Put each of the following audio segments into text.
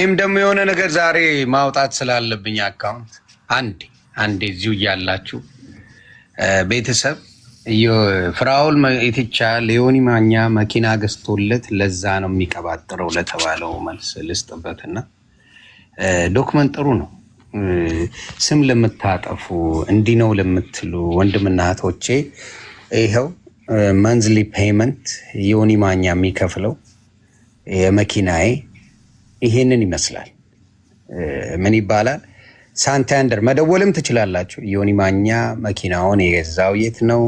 ይህም ደግሞ የሆነ ነገር ዛሬ ማውጣት ስላለብኝ አካውንት አንዴ አንዴ እዚሁ እያላችሁ ቤተሰብ ፍራውል የትቻ ሊዮኒ ማኛ መኪና ገዝቶለት ለዛ ነው የሚቀባጥረው ለተባለው መልስ ልስጥበት እና ዶክመንት ጥሩ ነው። ስም ለምታጠፉ እንዲህ ነው ለምትሉ ወንድምና እህቶቼ ይኸው መንዝሊ ፔይመንት ዮኒ ማኛ የሚከፍለው የመኪናዬ ይሄንን ይመስላል። ምን ይባላል? ሳንታንደር መደወልም ትችላላችሁ። ዮኒ ማኛ መኪናውን የገዛው የት ነው?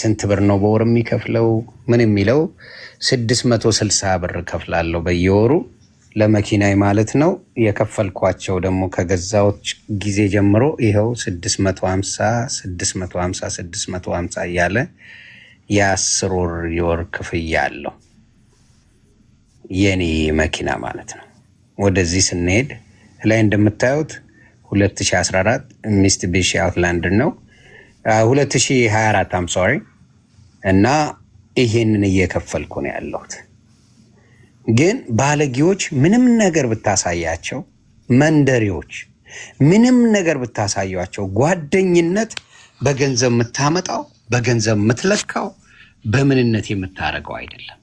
ስንት ብር ነው በወር የሚከፍለው? ምን የሚለው 660 ብር ከፍላለሁ በየወሩ ለመኪና ማለት ነው። የከፈልኳቸው ደግሞ ከገዛዎች ጊዜ ጀምሮ ይኸው 650 650 650 እያለ የአስር ወር የወር ክፍያ አለው። የኔ መኪና ማለት ነው። ወደዚህ ስንሄድ ላይ እንደምታዩት 2014 ሚትሱቢሺ አውትላንድ ነው 2024 አም ሶሪ እና ይሄንን እየከፈልኩ ነው ያለሁት። ግን ባለጌዎች ምንም ነገር ብታሳያቸው፣ መንደሪዎች ምንም ነገር ብታሳያቸው፣ ጓደኝነት በገንዘብ የምታመጣው በገንዘብ የምትለካው በምንነት የምታደርገው አይደለም።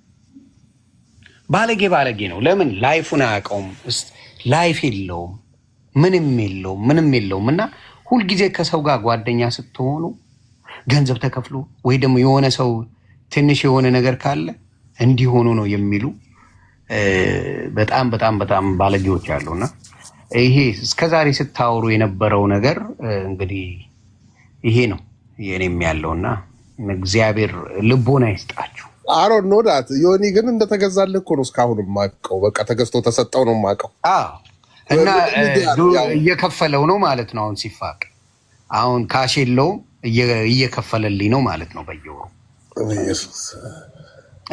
ባለጌ ባለጌ ነው። ለምን ላይፉን አያውቀውም? ላይፍ የለውም፣ ምንም የለውም፣ ምንም የለውም። እና ሁልጊዜ ከሰው ጋር ጓደኛ ስትሆኑ ገንዘብ ተከፍሎ ወይ ደግሞ የሆነ ሰው ትንሽ የሆነ ነገር ካለ እንዲሆኑ ነው የሚሉ በጣም በጣም በጣም ባለጌዎች እና ይሄ እስከዛሬ ስታወሩ የነበረው ነገር እንግዲህ ይሄ ነው የኔም ያለውና እግዚአብሔር ልቦና ይስጣችሁ። አሮ ኖዳት ዮኒ ግን እንደተገዛልህ እኮ ነው እስካሁን የማውቀው። በቃ ተገዝቶ ተሰጠው ነው የማውቀው። እና እየከፈለው ነው ማለት ነው። አሁን ሲፋቅ አሁን ካሽ የለውም እየከፈለልኝ ነው ማለት ነው በየወሩ።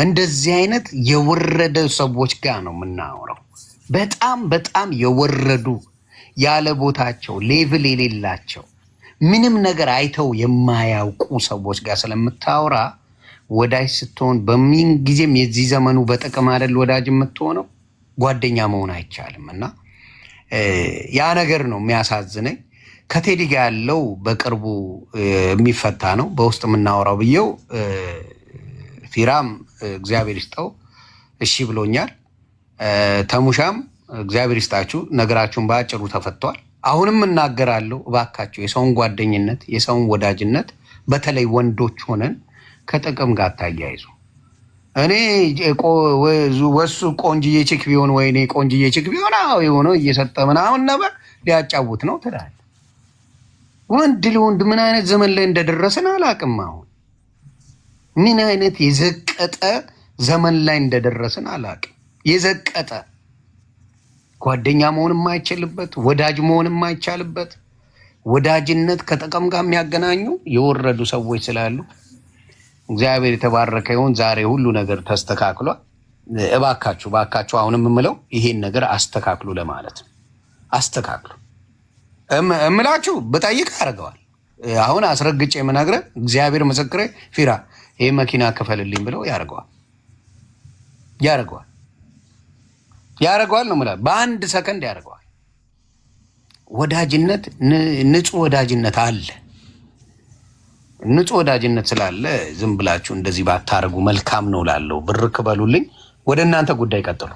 እንደዚህ አይነት የወረደ ሰዎች ጋር ነው የምናወራው። በጣም በጣም የወረዱ ያለ ቦታቸው ሌቭል የሌላቸው ምንም ነገር አይተው የማያውቁ ሰዎች ጋር ስለምታወራ ወዳጅ ስትሆን በሚን ጊዜም የዚህ ዘመኑ በጥቅም አይደል ወዳጅ የምትሆነው ጓደኛ መሆን አይቻልም። እና ያ ነገር ነው የሚያሳዝነኝ። ከቴዲ ያለው በቅርቡ የሚፈታ ነው፣ በውስጥ የምናወራው ብዬው ፊራም እግዚአብሔር ይስጠው እሺ ብሎኛል። ተሙሻም እግዚአብሔር ይስጣችሁ፣ ነገራችሁን በአጭሩ ተፈቷል። አሁንም እናገራለሁ፣ እባካቸው የሰውን ጓደኝነት የሰውን ወዳጅነት በተለይ ወንዶች ሆነን ከጥቅም ጋር ታያይዙ። እኔ ወሱ ቆንጅዬ ችክ ቢሆን ወይኔ ቆንጅዬ ችክ ቢሆን አዎ የሆነ እየሰጠ ምናምን ነበር ሊያጫውት ነው ትላል። ወንድ ለወንድ ምን አይነት ዘመን ላይ እንደደረስን አላቅም። አሁን ምን አይነት የዘቀጠ ዘመን ላይ እንደደረስን አላቅም። የዘቀጠ ጓደኛ መሆን የማይችልበት ወዳጅ መሆን የማይቻልበት ወዳጅነት ከጥቅም ጋር የሚያገናኙ የወረዱ ሰዎች ስላሉ እግዚአብሔር የተባረከ ይሁን። ዛሬ ሁሉ ነገር ተስተካክሏል። እባካችሁ እባካችሁ አሁን የምለው ይሄን ነገር አስተካክሉ ለማለት ነው። አስተካክሉ እምላችሁ ብጠይቅ አድርገዋል። አሁን አስረግጬ የምነግርህ እግዚአብሔር ምስክሬ፣ ፊራ ይህ መኪና ክፈልልኝ ብለው ያደርገዋል ያደርገዋል ያደርገዋል ነው የምልህ። በአንድ ሰከንድ ያደርገዋል። ወዳጅነት፣ ንጹህ ወዳጅነት አለ። ንጹህ ወዳጅነት ስላለ ዝም ብላችሁ እንደዚህ ባታደርጉ መልካም ነው ላለው ብር ክበሉልኝ። ወደ እናንተ ጉዳይ ቀጥሉ።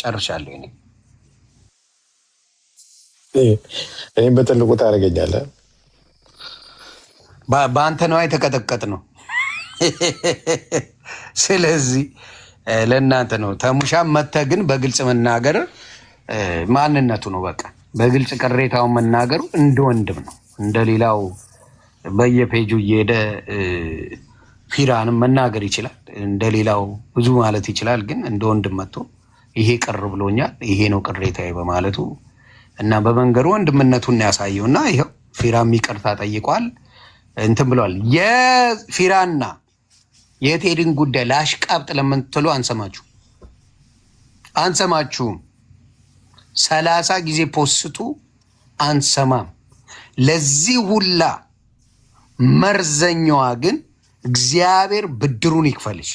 ጨርሻለሁ። እኔ ይህም በትልቁ ታደርገኛለህ። በአንተ ነው የተቀጠቀጥ ነው። ስለዚህ ለእናንተ ነው። ተሙሻም መተህ ግን በግልጽ መናገር ማንነቱ ነው። በቃ በግልጽ ቅሬታውን መናገሩ እንደ ወንድም ነው እንደሌላው በየፔጁ እየሄደ ፊራንም መናገር ይችላል። እንደሌላው ብዙ ማለት ይችላል። ግን እንደ ወንድም መጥቶ ይሄ ቅር ብሎኛል፣ ይሄ ነው ቅሬታዬ በማለቱ እና በመንገዱ ወንድምነቱን ያሳየው እና ይኸው ፊራም ይቅርታ ጠይቋል፣ እንትን ብለዋል። የፊራና የቴድን ጉዳይ ለአሽቃብጥ ለምትሉ አንሰማችሁ አንሰማችሁም። ሰላሳ ጊዜ ፖስቱ አንሰማም። ለዚህ ሁላ መርዘኛዋ ግን እግዚአብሔር ብድሩን ይክፈልሽ።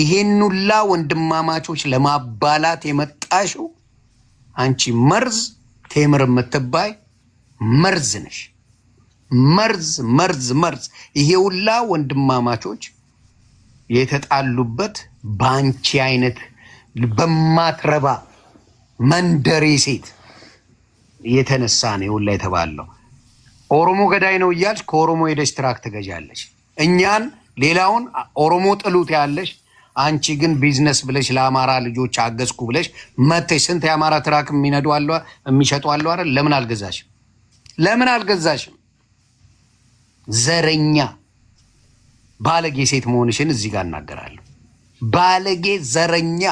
ይሄን ሁላ ወንድማማቾች ለማባላት የመጣሽው አንቺ መርዝ ቴምር የምትባይ መርዝ ነሽ። መርዝ መርዝ መርዝ። ይሄ ሁላ ወንድማማቾች የተጣሉበት በአንቺ አይነት በማትረባ መንደሬ ሴት የተነሳ ነው ሁላ የተባለው። ኦሮሞ ገዳይ ነው እያልሽ ከኦሮሞ ሄደሽ ትራክ ትገዣለሽ። እኛን ሌላውን ኦሮሞ ጥሉት ያለሽ አንቺ ግን ቢዝነስ ብለሽ ለአማራ ልጆች አገዝኩ ብለሽ መተሽ ስንት የአማራ ትራክ የሚነዱ አለ የሚሸጡ አለ አይደል? ለምን አልገዛሽም? ለምን አልገዛሽም? ዘረኛ ባለጌ ሴት መሆንሽን እዚህ ጋር እናገራለሁ። ባለጌ ዘረኛ፣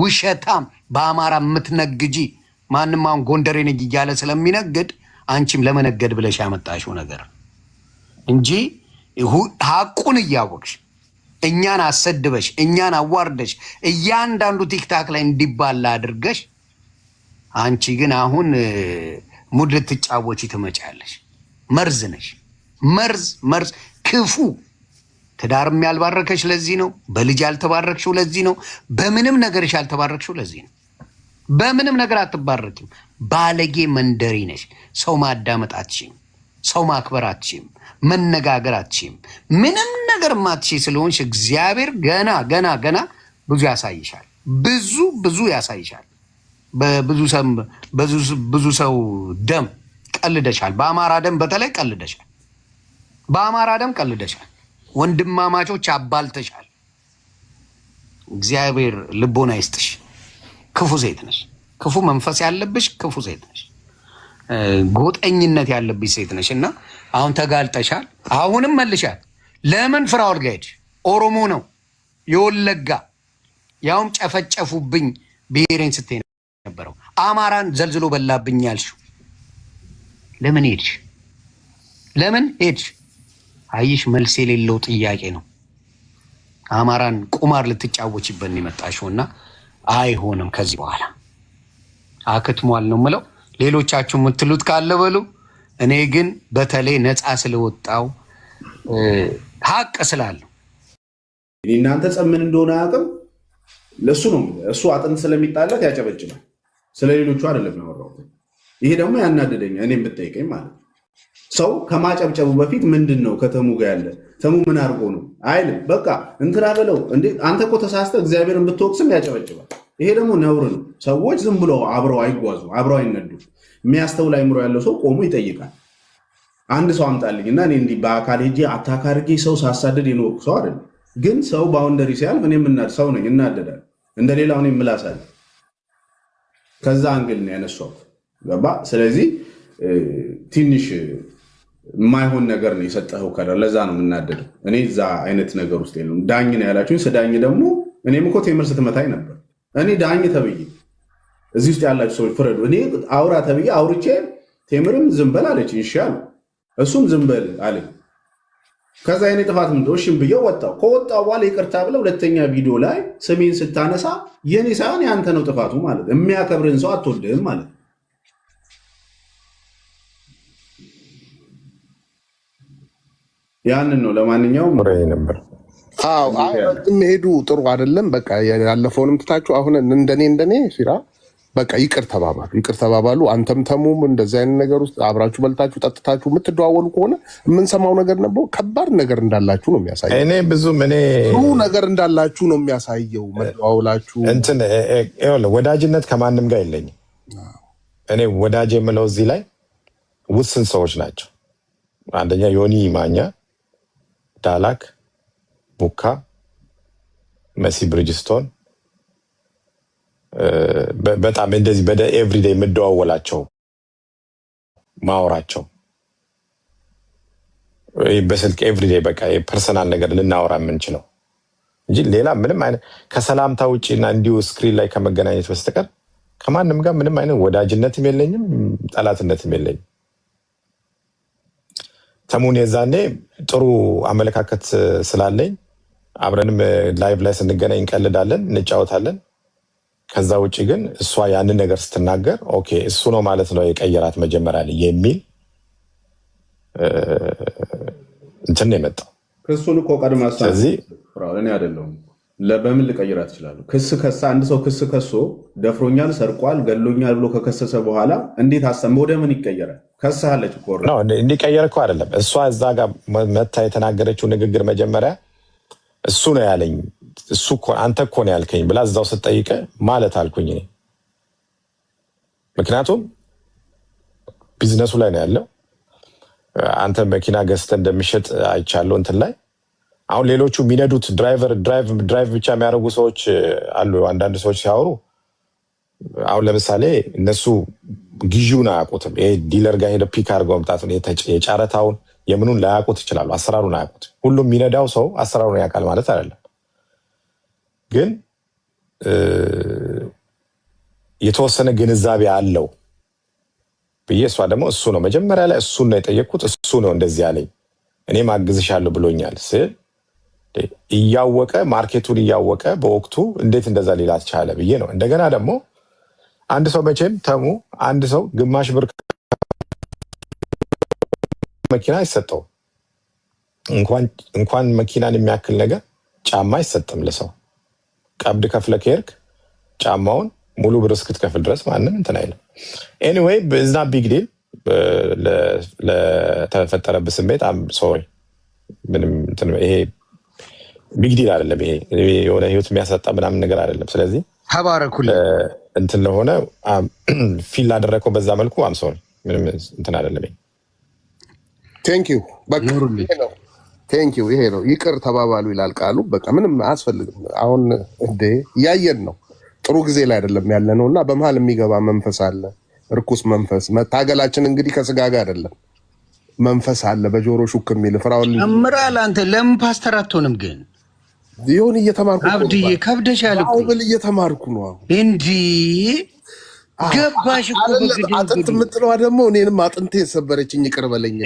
ውሸታም፣ በአማራ የምትነግጂ ማንም አሁን ጎንደሬ ነኝ እያለ ስለሚነግድ አንቺም ለመነገድ ብለሽ ያመጣሽው ነገር እንጂ ሀቁን እያወቅሽ እኛን አሰድበሽ እኛን አዋርደሽ እያንዳንዱ ቲክታክ ላይ እንዲባላ አድርገሽ፣ አንቺ ግን አሁን ሙድ ልትጫወች ትመጫለሽ። መርዝ ነሽ። መርዝ መርዝ ክፉ ትዳርም ያልባረከሽ ለዚህ ነው። በልጅ ያልተባረክሽው ለዚህ ነው። በምንም ነገርሽ ያልተባረክሽው ለዚህ ነው። በምንም ነገር አትባረኪም። ባለጌ መንደሪ ነሽ። ሰው ማዳመጥ አትችም። ሰው ማክበር አትችም። መነጋገር አትችም። ምንም ነገር ማትች ስለሆንሽ እግዚአብሔር ገና ገና ገና ብዙ ያሳይሻል። ብዙ ብዙ ያሳይሻል። ብዙ ሰው ደም ቀልደሻል። በአማራ ደም በተለይ ቀልደሻል። በአማራ ደም ቀልደሻል። ወንድማማቾች አባልተሻል። እግዚአብሔር ልቦና ይስጥሽ። ክፉ ሴት ነሽ፣ ክፉ መንፈስ ያለብሽ ክፉ ሴት ነሽ፣ ጎጠኝነት ያለብሽ ሴት ነሽ እና አሁን ተጋልጠሻል። አሁንም መልሻል። ለምን ፍራውል ጋሄድ ኦሮሞ ነው የወለጋ ያውም ጨፈጨፉብኝ ብሔሬን ስት ነበረው። አማራን ዘልዝሎ በላብኝ ያልሽው ለምን ሄድሽ? ለምን ሄድሽ? አይሽ መልስ የሌለው ጥያቄ ነው። አማራን ቁማር ልትጫወችበት ነው የመጣሽው እና አይሆንም። ከዚህ በኋላ አክትሟል ነው ምለው። ሌሎቻችሁ የምትሉት ካለ በሉ። እኔ ግን በተለይ ነፃ ስለወጣው ሀቅ ስላለሁ እናንተ ጸምን እንደሆነ አያውቅም። ለእሱ ነው እሱ አጥንት ስለሚጣለት ያጨበጭባል። ስለ ሌሎቹ አይደለም ያወራሁት። ይሄ ደግሞ ያናደደኛ እኔ የምጠይቀኝ ማለት ነው። ሰው ከማጨብጨቡ በፊት ምንድን ነው ከተሙ ጋር ያለ ስሙ ምን አድርጎ ነው አይልም። በቃ እንትና በለው እንዴ አንተ እኮ ተሳስተ እግዚአብሔርን ብትወቅስም ያጨበጭባል። ይሄ ደግሞ ነውር ነው። ሰዎች ዝም ብለው አብረው አይጓዙ፣ አብረው አይነዱ። የሚያስተውል አይምሮ ያለው ሰው ቆሞ ይጠይቃል። አንድ ሰው አምጣልኝ እና እኔ እንዲህ በአካል ሄጄ አታካርጌ ሰው ሳሳድድ የኖርኩ ሰው አይደለም። ግን ሰው ባውንደሪ ሲያልፍ እኔ ሰው ነኝ እናደዳል። እንደ ሌላው እኔ ምላሳል። ከዛ አንግል ነው ያነሷት። ገባ ስለዚህ ትንሽ የማይሆን ነገር ነው የሰጠኸው ከለር። ለዛ ነው የምናደደው። እኔ እዛ አይነት ነገር ውስጥ የለም። ዳኝ ነው ያላችሁኝ። ስዳኝ ደግሞ እኔም እኮ ቴምር ስትመታኝ ነበር። እኔ ዳኝ ተብዬ እዚህ ውስጥ ያላችሁ ሰዎች ፍረዱ። እኔ አውራ ተብዬ አውርቼ ቴምርም ዝንበል አለች። እሺ እሱም ዝንበል አለ። ከዛ የኔ ጥፋት ምንድን እሺም ብዬ ወጣው። ከወጣ በኋላ ይቅርታ ብለ ሁለተኛ ቪዲዮ ላይ ስሜን ስታነሳ የኔ ሳይሆን ያንተ ነው ጥፋቱ ማለት የሚያከብርን ሰው አትወድህም ማለት ያንን ነው። ለማንኛውም ነበር የሚሄዱ ጥሩ አይደለም። በቃ ያለፈውንም ትታችሁ አሁን እንደኔ እንደኔ ሲራ በቃ ይቅር ተባባሉ፣ ይቅር ተባባሉ። አንተም ተሙም እንደዚህ አይነት ነገር ውስጥ አብራችሁ በልታችሁ ጠጥታችሁ የምትደዋወሉ ከሆነ የምንሰማው ነገር ነበ ከባድ ነገር እንዳላችሁ ነው የሚያሳየው። እኔ ብዙም እኔ ጥሩ ነገር እንዳላችሁ ነው የሚያሳየው መደዋወላችሁ። እንትን ወዳጅነት ከማንም ጋር የለኝም። እኔ ወዳጅ የምለው እዚህ ላይ ውስን ሰዎች ናቸው። አንደኛ ዮኒ ማኛ ዳላክ፣ ቡካ መሲ ብሪጅስቶን በጣም እንደዚህ በደ ኤቭሪዴይ የምደዋወላቸው ማወራቸው በስልክ ኤቭሪዴይ በቃ የፐርሰናል ነገር ልናወራ የምንችለው እንጂ ሌላ ምንም አይነት ከሰላምታ ውጭ እና እንዲሁ ስክሪን ላይ ከመገናኘት በስተቀር ከማንም ጋር ምንም አይነት ወዳጅነትም የለኝም፣ ጠላትነትም የለኝም። ተሙን የዛኔ ጥሩ አመለካከት ስላለኝ አብረንም ላይቭ ላይ ስንገናኝ እንቀልዳለን፣ እንጫወታለን። ከዛ ውጭ ግን እሷ ያንን ነገር ስትናገር ኦኬ እሱ ነው ማለት ነው የቀየራት መጀመሪያ ላይ የሚል እንትን ነው የመጣው። እሱን እኮ ቀድማ ስለዚህ እኔ አይደለሁም በምን ልቀይራ ትችላለሁ? ክስ ከሳ አንድ ሰው ክስ ከሶ ደፍሮኛል፣ ሰርቋል፣ ገሎኛል ብሎ ከከሰሰ በኋላ እንዴት አሰም ወደ ምን ይቀየራል? ከሳለች እንዲቀየር እኮ አይደለም። እሷ እዛ ጋር መታ የተናገረችው ንግግር መጀመሪያ እሱ ነው ያለኝ እሱ አንተ እኮ ነው ያልከኝ ብላ እዛው ስጠይቀ ማለት አልኩኝ እኔ ምክንያቱም ቢዝነሱ ላይ ነው ያለው። አንተ መኪና ገዝተ እንደሚሸጥ አይቻለው እንትን ላይ አሁን ሌሎቹ የሚነዱት ድራይቨር ድራይቭ ብቻ የሚያደርጉ ሰዎች አሉ። አንዳንድ ሰዎች ሲያወሩ አሁን ለምሳሌ እነሱ ግዢውን አያውቁትም። ይሄ ዲለር ጋር ሄደ ፒክ አድርገው መምጣት የጨረታውን የምኑን ላያውቁት ይችላሉ። አሰራሩን አያውቁት። ሁሉም የሚነዳው ሰው አሰራሩን ያውቃል ማለት አይደለም። ግን የተወሰነ ግንዛቤ አለው ብዬ እሷ ደግሞ እሱ ነው መጀመሪያ ላይ እሱን ነው የጠየቅኩት። እሱ ነው እንደዚህ ያለኝ እኔም አግዝሻለሁ ብሎኛል ስል እያወቀ ማርኬቱን እያወቀ በወቅቱ እንዴት እንደዛ ሌላ ቻለ ብዬ ነው። እንደገና ደግሞ አንድ ሰው መቼም ተሙ አንድ ሰው ግማሽ ብር መኪና አይሰጠውም። እንኳን መኪናን የሚያክል ነገር ጫማ አይሰጥም ለሰው። ቀብድ ከፍለ ከሄድክ ጫማውን ሙሉ ብር እስክትከፍል ድረስ ማንም እንትን አይልም። ኤኒዌይ እዝና ቢግ ዲል ለተፈጠረብህ ስሜት ምንም ይሄ ቢግዲል አይደለም። ይሄ የሆነ ህይወት የሚያሳጣ ምናምን ነገር አይደለም። ስለዚህ ተባረኩል እንትን ለሆነ ፊል ላደረግከው በዛ መልኩ አምሰውን ምንም እንትን አይደለም። ቴንኪው። ይሄ ነው ይቅር ተባባሉ ይላል ቃሉ። በቃ ምንም አያስፈልግም። አሁን እንደ እያየን ነው። ጥሩ ጊዜ ላይ አይደለም ያለ ነው እና በመሀል የሚገባ መንፈስ አለ፣ እርኩስ መንፈስ። መታገላችን እንግዲህ ከስጋ ጋር አይደለም መንፈስ አለ። በጆሮ ሹክ የሚል ፍራውን ምራል። አንተ ለምን ፓስተር አትሆንም ግን? ሊሆን እየተማርኩ አብድዬ ከብደሻል እኮ አሁን እየተማርኩ ነው። እንዲ ገባሽ እኮ አጥንት የምጥለዋ ደግሞ እኔንም አጥንት የሰበረችኝ ይቅር በለኝ።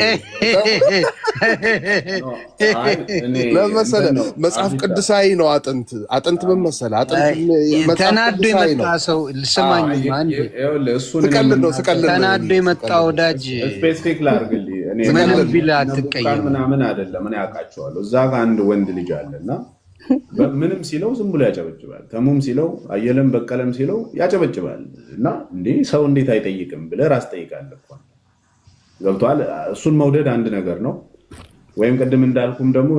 ለመሰለ መጽሐፍ ቅዱሳዊ ነው። አጥንት አጥንት ምን መሰለ አጥንት ተናዶ የመጣ ሰው ስማኝ፣ ስቀልድ ነው ስቀልድ ተናዶ የመጣ ወዳጅ ስፔሲፊክ ላድርግልህ። ምንም ቢላ አትቀየም ምናምን አይደለም። እኔ አውቃቸዋለሁ። እዛ ጋር አንድ ወንድ ልጅ አለና ምንም ሲለው ዝም ብሎ ያጨበጭባል። ተሙም ሲለው አየለም በቀለም ሲለው ያጨበጭባል። እና እንዴ ሰው እንዴት አይጠይቅም ብለህ ራስ ጠይቃለህ። ገብቶሃል? እሱን መውደድ አንድ ነገር ነው። ወይም ቅድም እንዳልኩም ደግሞ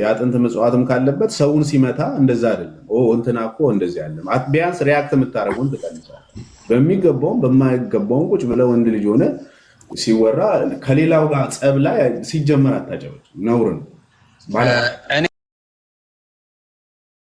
የአጥንት መጽዋትም ካለበት ሰውን ሲመታ እንደዛ አይደለም ኦ እንትና እኮ እንደዚህ ያለም ቢያንስ ሪያክት የምታደርጉን ትቀንሳል። በሚገባውም በማይገባውን ቁጭ ብለህ ወንድ ልጅ ሆነ ሲወራ ከሌላው ጋር ጸብ ላይ ሲጀመር አታጨበጭ ነውርን